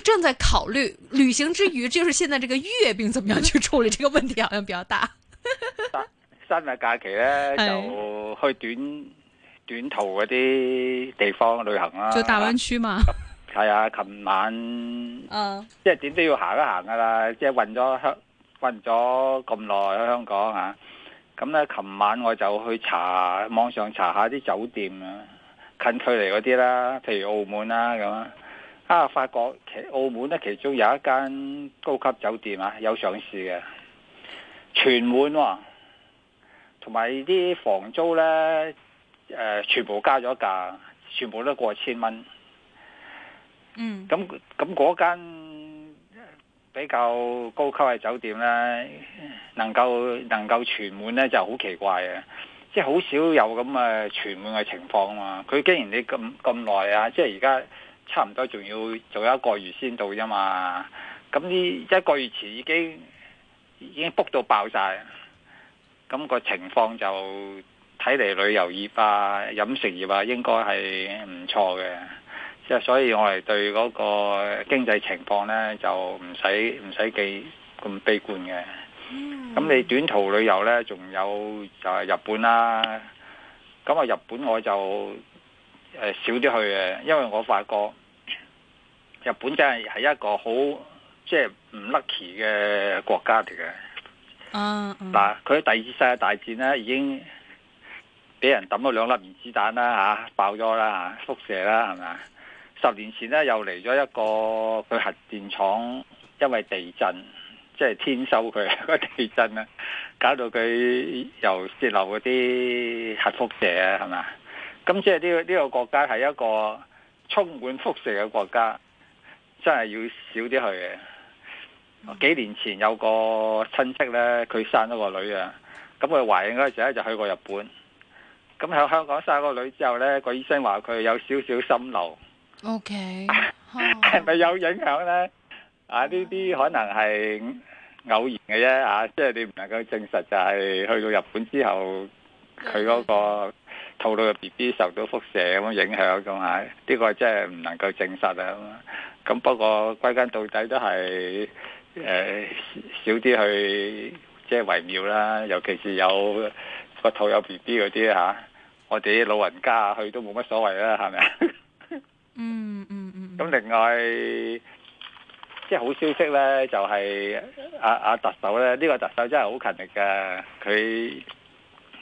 正在考慮旅行之餘，就是現在這個月餅怎麼樣去處理這個問題，好像比較大 三日假期呢，就去短短途嗰啲地方旅行啦。就大灣區嘛吧。係啊，琴晚，嗯，即係點都要行一行噶啦，即係運咗香，運咗咁耐喺香港啊。咁呢，琴晚我就去查網上查下啲酒店啊，近距離嗰啲啦，譬如澳門啦咁啊。啊！發覺其澳門咧，其中有一間高級酒店啊，有上市嘅全滿喎、啊，同埋啲房租咧，誒、呃、全部加咗價，全部都過千蚊。嗯。咁咁嗰間比較高級嘅酒店咧，能夠能夠全滿咧，就好、是、奇怪嘅，即係好少有咁嘅全滿嘅情況啊！佢既然你咁咁耐啊，即係而家。差唔多仲要做一個月先到啫嘛，咁呢一個月前已經已經卜到爆曬，咁個情況就睇嚟旅遊業啊、飲食業啊應該係唔錯嘅，即係所以我哋對嗰個經濟情況呢，就唔使唔使幾咁悲觀嘅。咁你短途旅遊呢，仲有就係日本啦、啊，咁啊日本我就誒少啲去嘅，因為我發覺。日本真係係一個好即係唔 lucky 嘅國家嚟嘅，嗱佢、啊嗯、第二次世界大戰咧已經俾人抌咗兩粒原子彈啦吓，爆咗啦，啊、輻射啦係咪？十年前咧又嚟咗一個佢核電廠，因為地震即係、就是、天收佢個 地震啦，搞到佢又泄漏嗰啲核輻射係咪？咁即係呢個呢、呢個國家係一個充滿輻射嘅國家。真係要少啲去嘅。幾年前有個親戚呢，佢生咗個女啊，咁佢懷孕嗰陣時咧就去過日本。咁喺香港生個女之後呢，個醫生話佢有少少心流。O K，係咪有影響呢？啊，呢啲可能係偶然嘅啫啊，即係你唔能夠證實就係去到日本之後佢嗰個。套到個 B B 受到輻射咁影響咁係，呢、這個真係唔能夠證實啊！咁不過歸根到底都係誒少啲去即係、就是、為妙啦，尤其是有個肚有 B B 嗰啲嚇，我哋啲老人家去都冇乜所謂啦，係咪啊？嗯嗯嗯。咁另外即係、就是、好消息咧，就係阿阿特首咧，呢、這個特首真係好勤力㗎，佢。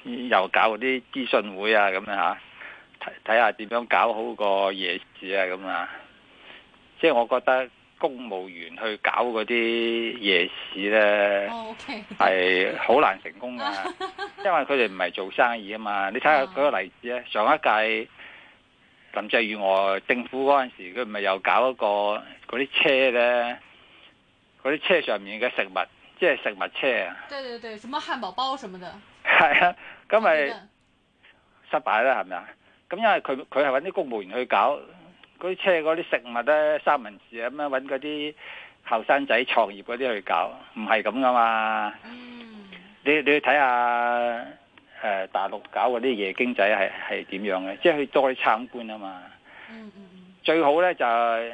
又搞嗰啲諮詢會啊，咁樣吓，睇睇下點樣搞好個夜市啊，咁啊，即係我覺得公務員去搞嗰啲夜市呢，係好、oh, okay. 難成功噶， 因為佢哋唔係做生意啊嘛。你睇下舉個例子咧、啊，上一屆林鄭月娥政府嗰陣時，佢唔係又搞一個嗰啲車呢，嗰啲車上面嘅食物，即係食物車啊。對對對，什麼漢堡包什麼的。係啊，咁咪失敗啦，係咪啊？咁因為佢佢係搵啲公務員去搞嗰啲車嗰啲食物咧，三文治咁樣搵嗰啲後生仔創業嗰啲去搞，唔係咁噶嘛。你你去睇下誒大陸搞嗰啲夜經濟係係點樣嘅，即係去再參觀啊嘛。最好咧就係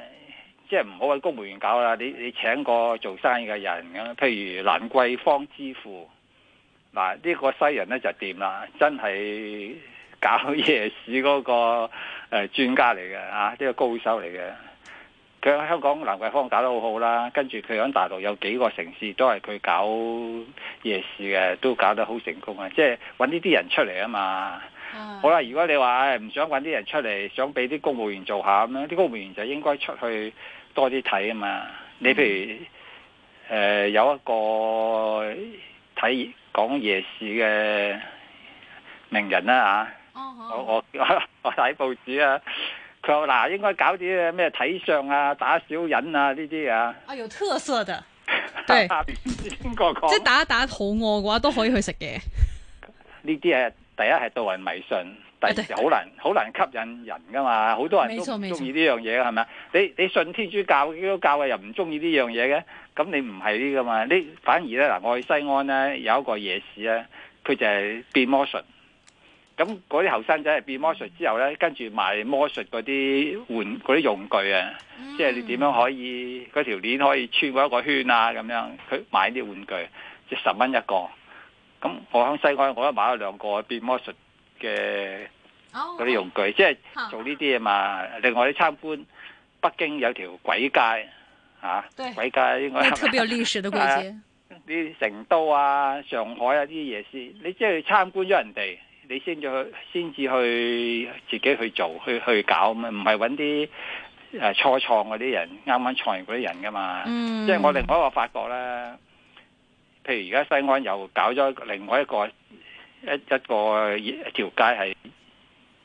即係唔好搵公務員搞啦，你你請個做生意嘅人咁，譬如蘭桂坊之父。嗱，呢個西人咧就掂啦，真係搞夜市嗰、那個誒專、呃、家嚟嘅啊，呢、這個高手嚟嘅。佢喺香港蘭桂坊搞得好好啦，跟住佢喺大陸有幾個城市都係佢搞夜市嘅，都搞得好成功啊！即係揾呢啲人出嚟啊嘛。Uh, 好啦，如果你話唔想揾啲人出嚟，想俾啲公務員做下咁樣，啲公務員就應該出去多啲睇啊嘛。你譬如誒、呃、有一個。喺講夜市嘅名人啦、啊、吓、oh, okay.，我我我睇報紙啊，佢話嗱應該搞啲咩睇相啊、打小人啊呢啲啊，啊有特色的，係即係打一打肚餓嘅話都可以去食嘅。呢啲係第一係導人迷信，第二好難好難吸引人噶嘛，好多人都唔中意呢樣嘢係咪啊？你你信天主教基督教嘅又唔中意呢樣嘢嘅？咁你唔係呢個嘛？你反而咧嗱，我去西安咧有一個夜市咧、啊，佢就係變魔術。咁嗰啲後生仔係變魔術之後咧，跟住賣魔術嗰啲玩啲用具啊，嗯、即係你點樣可以嗰條鏈可以穿過一個圈啊咁樣。佢買啲玩具，即係十蚊一個。咁我響西安，我都買咗兩個變魔術嘅嗰啲用具，哦哦、即係做呢啲啊嘛。哦、另外你參觀北京有條鬼街。啊！鬼街應該特別有歷史的鬼街，啲成都啊、上海啊啲夜市，你即係參觀咗人哋，你先至去，先至去自己去做，去去搞，唔係搵啲誒初創嗰啲人，啱啱創業嗰啲人噶嘛。即係、嗯、我另外一個發覺咧，譬如而家西安又搞咗另外一個一一個條街係誒、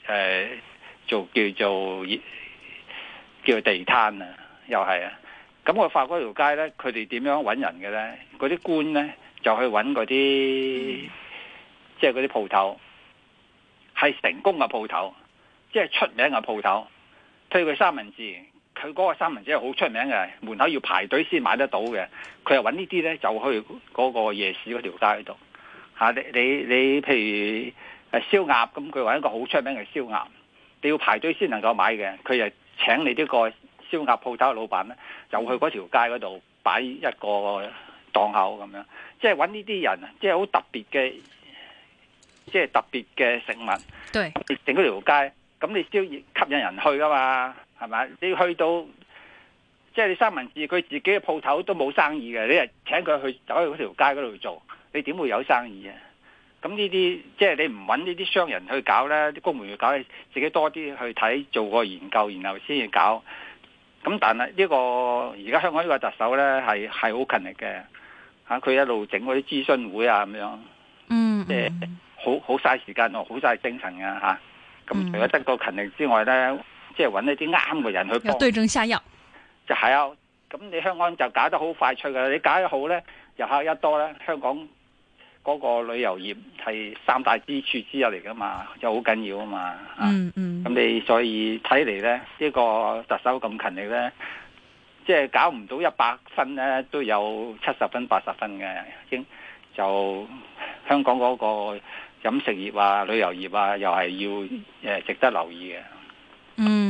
呃、做叫做叫做叫做地攤啊，又係啊。咁我發嗰條街咧，佢哋點樣揾人嘅咧？嗰啲官咧就去揾嗰啲，即係嗰啲鋪頭，係成功嘅鋪頭，即係出名嘅鋪頭。譬如佢三文治，佢嗰個三文治係好出名嘅，門口要排隊先買得到嘅。佢又揾呢啲咧，就去嗰個夜市嗰條街度嚇、啊。你你你，譬如係燒鴨咁，佢揾一個好出名嘅燒鴨，你要排隊先能夠買嘅。佢又請你呢、呢個。燒鴨鋪頭嘅老闆咧，就去嗰條街嗰度擺一個檔口咁樣，即係搵呢啲人，即係好特別嘅，即係特別嘅食物。對，整嗰條街，咁你招吸引人去噶嘛？係咪？你去到，即係你三文治，佢自己嘅鋪頭都冇生意嘅，你係請佢去走去嗰條街嗰度做，你點會有生意啊？咁呢啲，即係你唔搵呢啲商人去搞咧，啲公務員去搞，你自己多啲去睇，做個研究，然後先至搞。咁但係、這、呢個而家香港呢個特首咧係係好勤力嘅，吓、啊、佢一路整嗰啲諮詢會啊咁樣，即係好好嘥時間同好嘥精神嘅吓。咁、啊、除咗得個勤力之外咧，即係揾一啲啱嘅人去幫。對症下藥，就係啊！咁你香港就搞得好快脆㗎喇，你搞得好咧，遊客一多咧，香港。嗰個旅遊業係三大支柱之一嚟噶嘛，就好緊要啊嘛。嗯嗯、mm。咁、hmm。你所以睇嚟咧，呢、呢個特首咁勤力咧，即、就、係、是、搞唔到一百分咧，都有七十分八十分嘅，應就香港嗰個飲食業啊、旅遊業啊，又係要誒值得留意嘅。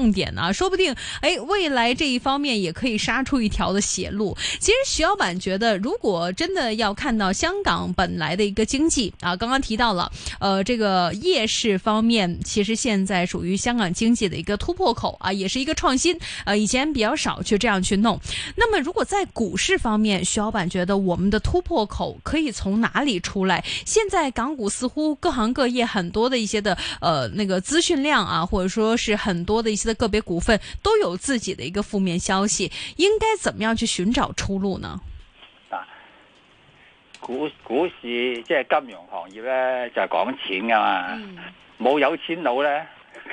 重點啊，說不定，誒、哎，未來這一方面也可以殺出一條的血路。其實徐老闆覺得，如果真的要看到香港本來的一個經濟，啊，剛剛提到了，呃，這個夜市方面，其實現在屬於香港經濟的一個突破口，啊，也是一個創新，呃，以前比較少去這樣去弄。那麼如果在股市方面，徐老闆覺得我們的突破口可以從哪裡出來？現在港股似乎各行各業很多的一些的，呃，那個資訊量啊，或者說是很多的一些。個別股份都有自己嘅一個負面消息，應該怎麼樣去尋找出路呢？啊，股股市即係金融行業咧，就係、是、講錢噶嘛，冇、嗯、有，有錢佬咧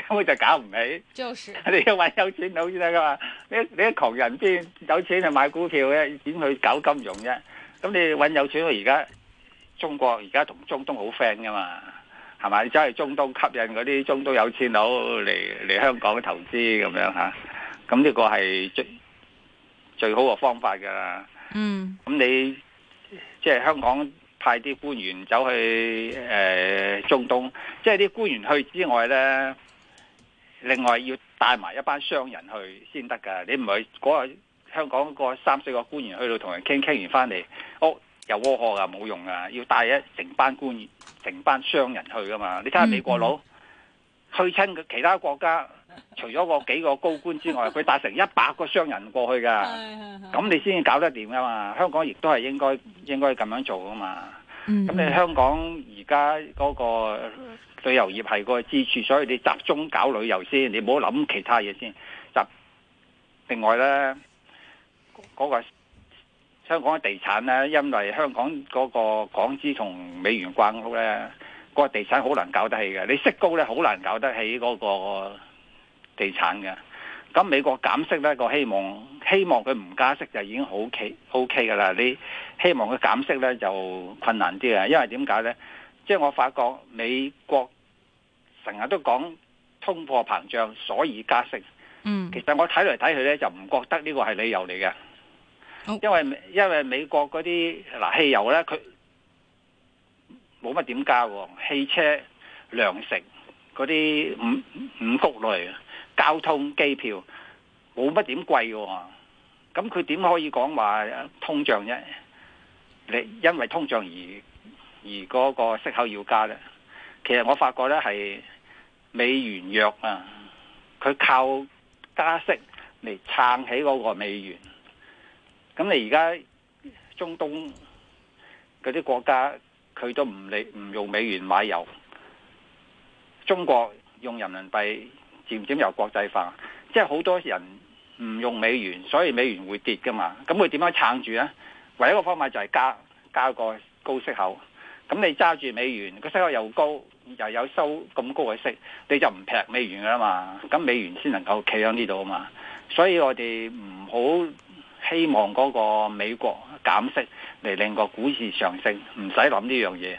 根本就搞唔起，就是你要搵有錢佬先得噶嘛，你你一窮人邊有錢就買股票嘅，點去搞金融啫？咁你搵有錢佬，而家中國而家同中東好 friend 噶嘛？係咪？即係中東吸引嗰啲中東有錢佬嚟、嚟香港投資咁樣吓，啊，咁呢個係最最好個方法噶啦。嗯，咁你即係、就是、香港派啲官員走去誒、呃、中東，即係啲官員去之外咧，另外要帶埋一班商人去先得噶。你唔係嗰、那個香港嗰三四個官員去到同人傾傾完翻嚟，屋又窩火噶，冇用噶，要帶一成班官員。成班商人去噶嘛？你睇下美國佬嗯嗯去親其他國家，除咗個幾個高官之外，佢帶 成一百個商人過去噶。咁 你先搞得掂噶嘛？香港亦都係應該應該咁樣做噶嘛。咁、嗯嗯、你香港而家嗰個旅遊業係個支柱，所以你集中搞旅遊先，你唔好諗其他嘢先。集另外呢，嗰、嗰個。香港嘅地產咧，因為香港嗰個港資同美元掛鈎咧，嗰個地產好難搞得起嘅。你息高咧，好難搞得起嗰個地產嘅。咁美國減息咧，嗰個希望希望佢唔加息就已經好 O K 嘅啦。你希望佢減息咧，就困難啲嘅。因為點解咧？即係我發覺美國成日都講通貨膨脹，所以加息。嗯，其實我睇嚟睇去咧，就唔覺得呢個係理由嚟嘅。因為因為美國嗰啲嗱汽油咧，佢冇乜點加，汽車、糧食嗰啲五五穀類、交通、機票冇乜點貴，咁佢點可以講話通脹啫？你因為通脹而而嗰個息口要加呢？其實我發覺呢係美元弱啊，佢靠加息嚟撐起嗰個美元。咁你而家中東嗰啲國家佢都唔理唔用美元買油，中國用人民幣漸漸由國際化，即係好多人唔用美元，所以美元會跌㗎嘛。咁佢點樣撐住呢？唯一,一個方法就係加加個高息口。咁你揸住美元，個息口又高，又有收咁高嘅息，你就唔劈美元㗎喇嘛。咁美元先能夠企喺呢度啊嘛。所以我哋唔好。希望嗰個美國減息嚟，令個股市上升，唔使諗呢樣嘢，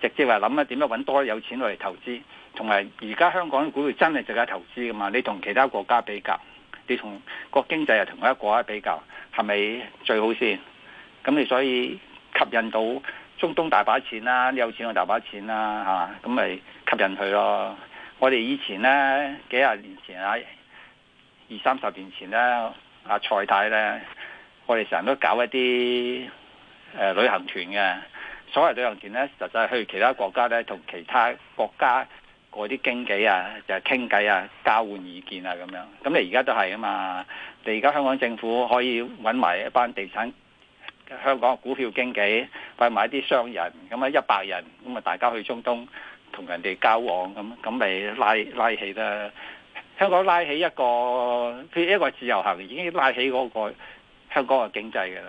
直接話諗咧點樣搵多啲有錢嚟投資，同埋而家香港嘅股票真係值得投資噶嘛？你同其他國家比較，你同個經濟又同一個國家比較，係咪最好先？咁你所以吸引到中東大把錢啦，有錢嘅大把錢啦，吓，咁咪吸引佢咯。我哋以前呢，幾廿年前啊，二三十年前呢，阿蔡太呢。我哋成日都搞一啲誒、呃、旅行團嘅所謂旅行團呢，實際係去其他國家呢，同其他國家嗰啲經紀啊，就係傾偈啊、交換意見啊咁樣。咁你而家都係啊嘛？你而家香港政府可以揾埋一班地產、香港股票經紀，揾埋啲商人咁啊，樣一百人咁啊，大家去中東同人哋交往咁，咁咪拉拉起啦？香港拉起一個，譬如一個自由行已經拉起嗰、那個。香港嘅經濟嘅啦，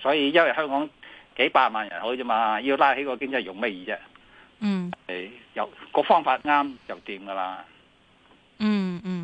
所以因為香港幾百萬人口啫嘛，要拉起個經濟，用咩嘢啫？嗯，誒，有個方法啱就掂噶啦。嗯嗯。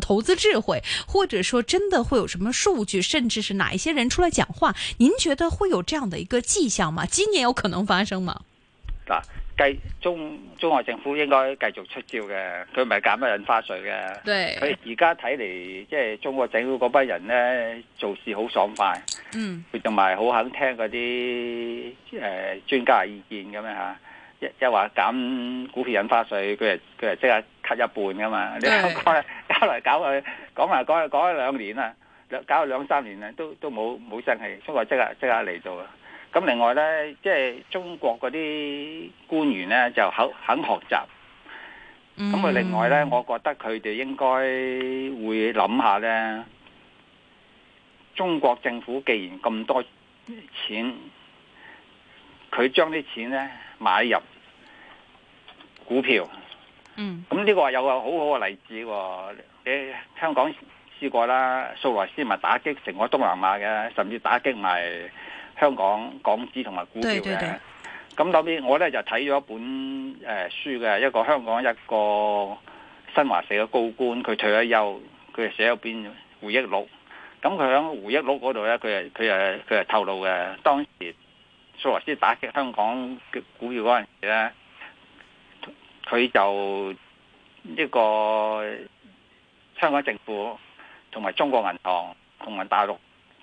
投資智慧，或者說真的會有什麼數據，甚至是哪一些人出來講話？您覺得會有這樣的一個跡象嗎？今年有可能發生嗎？嗱，繼中中國政府應該繼續出招嘅，佢唔係減乜印花稅嘅。對。佢而家睇嚟，即係中國政府嗰班人咧做事好爽快。嗯。佢同埋好肯聽嗰啲誒專家意見嘅咁樣吓？一，即係話減股票印花稅，佢係佢係即刻 cut 一半噶嘛？你看看出嚟搞佢，講嚟講去講咗兩年啦，兩搞咗兩三年啦，都都冇冇聲氣，中國即刻即刻嚟到啦。咁另外咧，即係中國嗰啲官員咧就肯肯學習。咁啊，另外咧，我覺得佢哋應該會諗下咧，中國政府既然咁多錢，佢將啲錢咧買入股票。嗯。咁呢個又有個好好嘅例子喎。你香港試過啦，蘇萊斯咪打擊成個東南亞嘅，甚至打擊埋香港港紙同埋股票嘅。咁後面我咧就睇咗一本誒書嘅，一個香港一個新華社嘅高官，佢退咗休，佢寫咗篇回憶錄。咁佢喺回憶錄嗰度咧，佢係佢係佢係透露嘅，當時蘇萊斯打擊香港嘅股票嗰陣時咧，佢就一、這個。香港政府同埋中國銀行同埋大陸，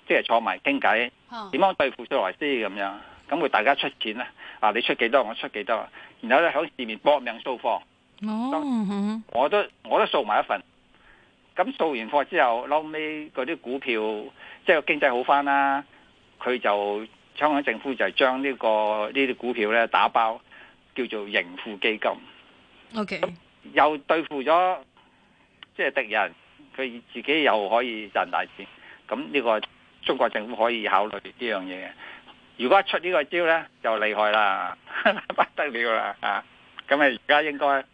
即係坐埋傾偈，點樣對付索羅斯？咁樣？咁會大家出錢咧，啊你出幾多，我出幾多，然後咧喺市面搏命掃貨。哦，我都我都掃埋一份。咁掃完貨之後，撈尾嗰啲股票即係經濟好翻啦，佢就香港政府就係將呢、呢個呢啲股票咧打包，叫做盈富基金。OK. 又對付咗。即係敵人，佢自己又可以賺大錢，咁呢個中國政府可以考慮呢樣嘢。如果出呢個招呢，就厲害啦， 不得了啦啊！咁啊，而家應該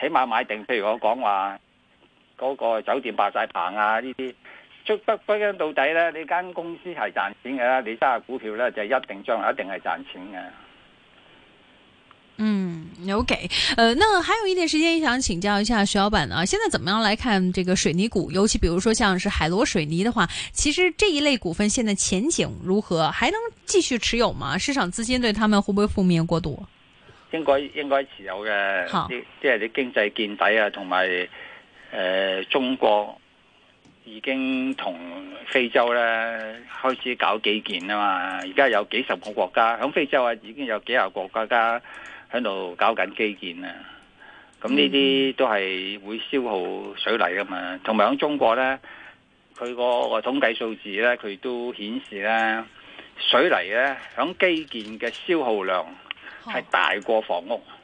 起碼買定，譬如我講話嗰個酒店百濟棚啊呢啲，出得歸根到底呢，你間公司係賺錢嘅啦，你揸下股票呢，就一定將來一定係賺錢嘅。嗯。有嘅，誒、okay. 呃，那還有一點時間，想請教一下徐老闆啊，現在怎麼樣來看這個水泥股？尤其，比如說像是海螺水泥的話，其實這一類股份現在前景如何？還能繼續持有嗎？市場資金對他們會不會負面過度？應該應該持有嘅，好，即係你經濟見底啊，同埋誒，中國已經同非洲咧開始搞基建啊嘛，而家有幾十個國家響非洲啊，已經有幾十個國家，喺度搞緊基建啊！咁呢啲都係會消耗水泥㗎嘛，同埋喺中國呢，佢個個統計數字呢，佢都顯示咧，水泥呢，喺基建嘅消耗量係大過房屋，啊、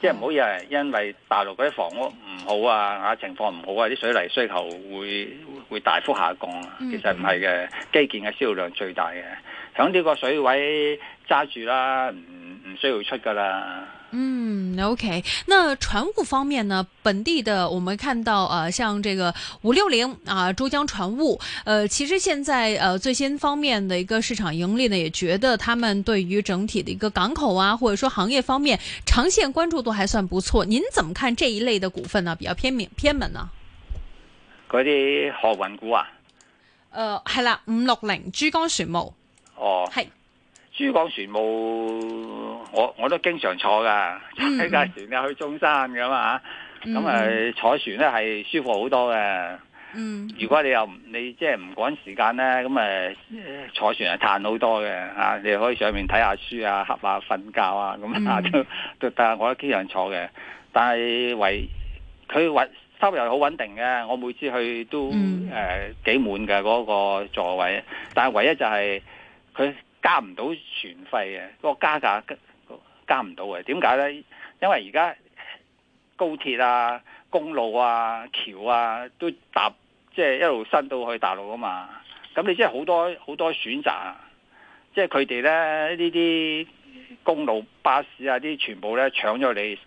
即係唔好以為因為大陸嗰啲房屋唔好啊、啊情況唔好啊，啲水泥需求會會大幅下降啊！其實唔係嘅，基建嘅消耗量最大嘅。響呢個水位揸住啦，唔唔需要出噶啦。嗯，OK，那船務方面呢？本地的我們看到啊、呃，像這個五六零啊，珠江船務，呃，其實現在呃最新方面的一個市場盈利呢，也覺得他們對於整體的一個港口啊，或者說行業方面長線關注度還算不錯。您怎麼看這一類的股份呢？啊？比較偏門偏門呢？啊？嗰啲航運股啊？誒、呃，係啦，五六零珠江船務。哦，係是珠江船務，我我都經常坐噶睇架、嗯、船啊去中山噶嘛，咁啊、嗯、坐船咧係舒服好多嘅。嗯，如果你又你即係唔趕時間咧，咁啊坐船係嘆好多嘅啊，你可以上面睇下書啊，瞌下瞓覺啊，咁啊都都但我都經常坐嘅。但係唯佢唯收入好穩定嘅，我每次去都誒幾滿嘅嗰個座位。但係唯一就係、是。佢加唔到船費嘅，個加價加唔到嘅。點解呢？因為而家高鐵啊、公路啊、橋啊都搭，即係一路伸到去大陸啊嘛。咁你即係好多好多選擇，即係佢哋咧呢啲公路巴士啊啲全部呢搶咗你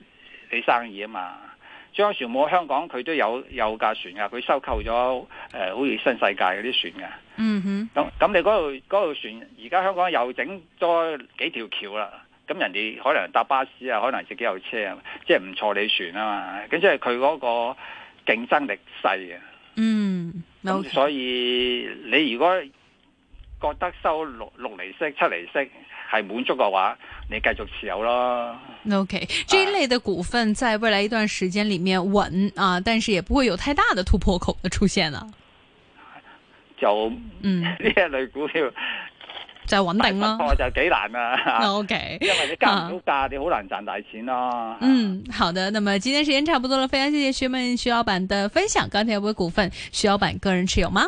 你生意啊嘛。張船冇香港佢都有有架船噶，佢收購咗，誒，好似新世界嗰啲船嘅。嗯哼、mm。咁、hmm. 咁你嗰度嗰度船，而家香港又整多幾條橋啦。咁人哋可能搭巴士啊，可能自己有車啊，即係唔坐你船啊嘛。咁即係佢嗰個競爭力細啊。嗯，好。所以你如果覺得收六六厘息七厘息？係滿足嘅話，你繼續持有咯。O Okay , K，、啊、這一類嘅股份在未來一段時間裏面穩啊，但是也不會有太大的突破口嘅出現啊。就嗯呢一類股票就穩定咯，就幾難啊。 o Okay , K，因為你加唔到價，啊、你好難賺大錢咯、啊。嗯，好的，那麼今天時間差不多啦，非常謝謝徐問徐老闆嘅分享。剛才有冇股份徐老闆個人持有嗎？